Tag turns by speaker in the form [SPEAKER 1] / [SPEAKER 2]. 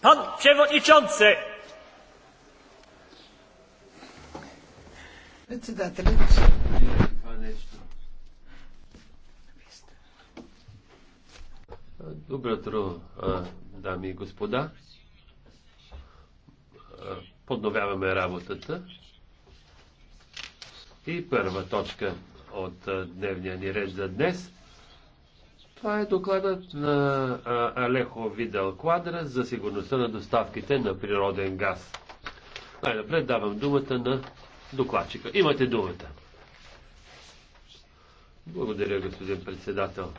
[SPEAKER 1] Pan przewodniczący! Председателят.
[SPEAKER 2] Добро утро, дами и господа. Подновяваме работата. И първа точка от дневния ни ред за днес –
[SPEAKER 3] това е докладът
[SPEAKER 2] на Алехо Видел Квадра за сигурността на доставките на природен газ. Най-напред давам думата на докладчика. Имате думата. Благодаря, господин председател.